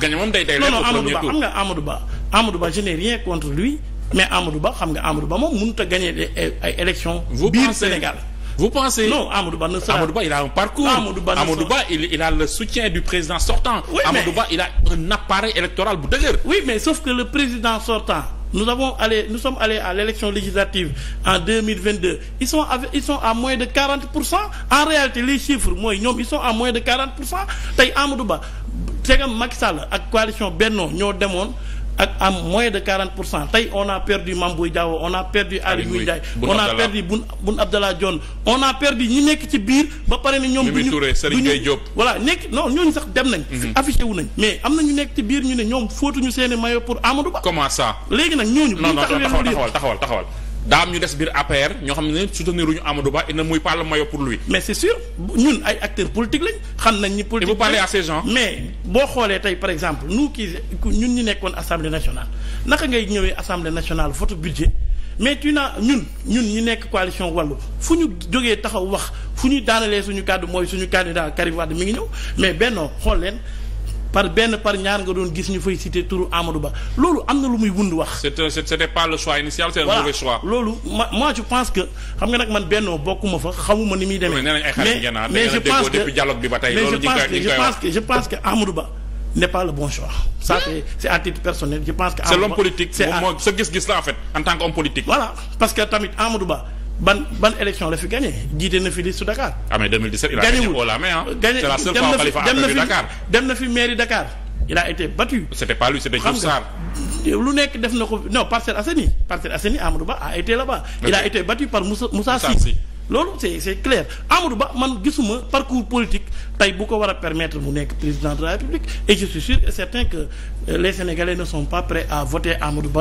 gañe moom day non non Amadou Ba je n'ai rien contre lui mais Amadou Ba xam nga Amadou Ba moom mënut a gagné euh, ay élections non Amadou Ba ne sera il a un parcours Amadou Ba Amadou Ba il il a le soutien du président sortant oui, Amadou mais... Ba il a un appareil électoral bu dëgër oui mais sauf que le président sortant nous avons allé nous sommes allés à l'élection législative en ils sont à moins de pour cent en réalité les chiffres mooy ñoom ils sont à moins de pour cent tey Amadou Ba segam Macky Sall ak coalition Benno ñoo demoon ak am moins de 40 pour cent tey on a perdu Mame Boye Diao on a perdu Aly Ngouille Ndiaye on a perdu Boun Abdallah Dionne on a perdu ñi nekk ci biir ba pare ni ñoom duñu duñu voilà nekk non dem nañ mhm. affiché wu nañ mais am na ñu nekk ci biir ñu ne ñoom fóotuñu seeni maillot pour Amadou Ba comment ça léegi nag ñooñu non non taxawal taxawal taxawal daa am ñu des biir APR ñoo xam ne soutenir ñu Amadou Ba il ne mouille pas le maillot pour lui. mais c'est sûr ñun ay acteurs politiques lañ xam nañ ni. politique et vous parlez à ces mais boo xoolee tey par exemple nu kii ñun ñu nekkoon assemblée nationale naka ngay ñëwee assemblée nationale vote budget mais tu na ñun ñun ñu nekk coalition wàllu fu ñu jógee taxaw wax fu ñu daanalee suñu kàddu mooy suñu candidat Karim Wade mi ngi ñëw mais bennoo xool leen. par benn par ñaar nga doon gis ñu fay cité turu Amadou Ba loolu am na lu muy wund wax. c'était c'était pas le choix initial, c'est un mauvais loolu ma moi je pense que xam nga nag man bennoo bokkuma fa xamuma ni muy demee. mais mais je pense que mais je pense que je pense que Amadou Ba. n'est pas le bon choix. ça c'est c'est à personnel je pense que. Amadou Ba sa gis-gis la en en tant qu'homme politique. voilà parce tamit Amadou Ba. ban ban élection la fi gagné jiite na fi liste Dakar. ah mais 2017 il a gagné haut la main gagné dem na fi mairie Dakar. il a été battu. c'était pas lu nekk def na ko non Parcelles Assainies Parcelles Assainies Amadou Ba a été là-bas. il a été battu par Moussa Moussa Sy. loolu c'est c'est clair Amadou Ba man gisuma parcours politique tey bu ko war a permettre mu nekk président de la République et je suis sûr et certain que euh, les Sénégalais ne sont pas prêts à voter Amadou Ba.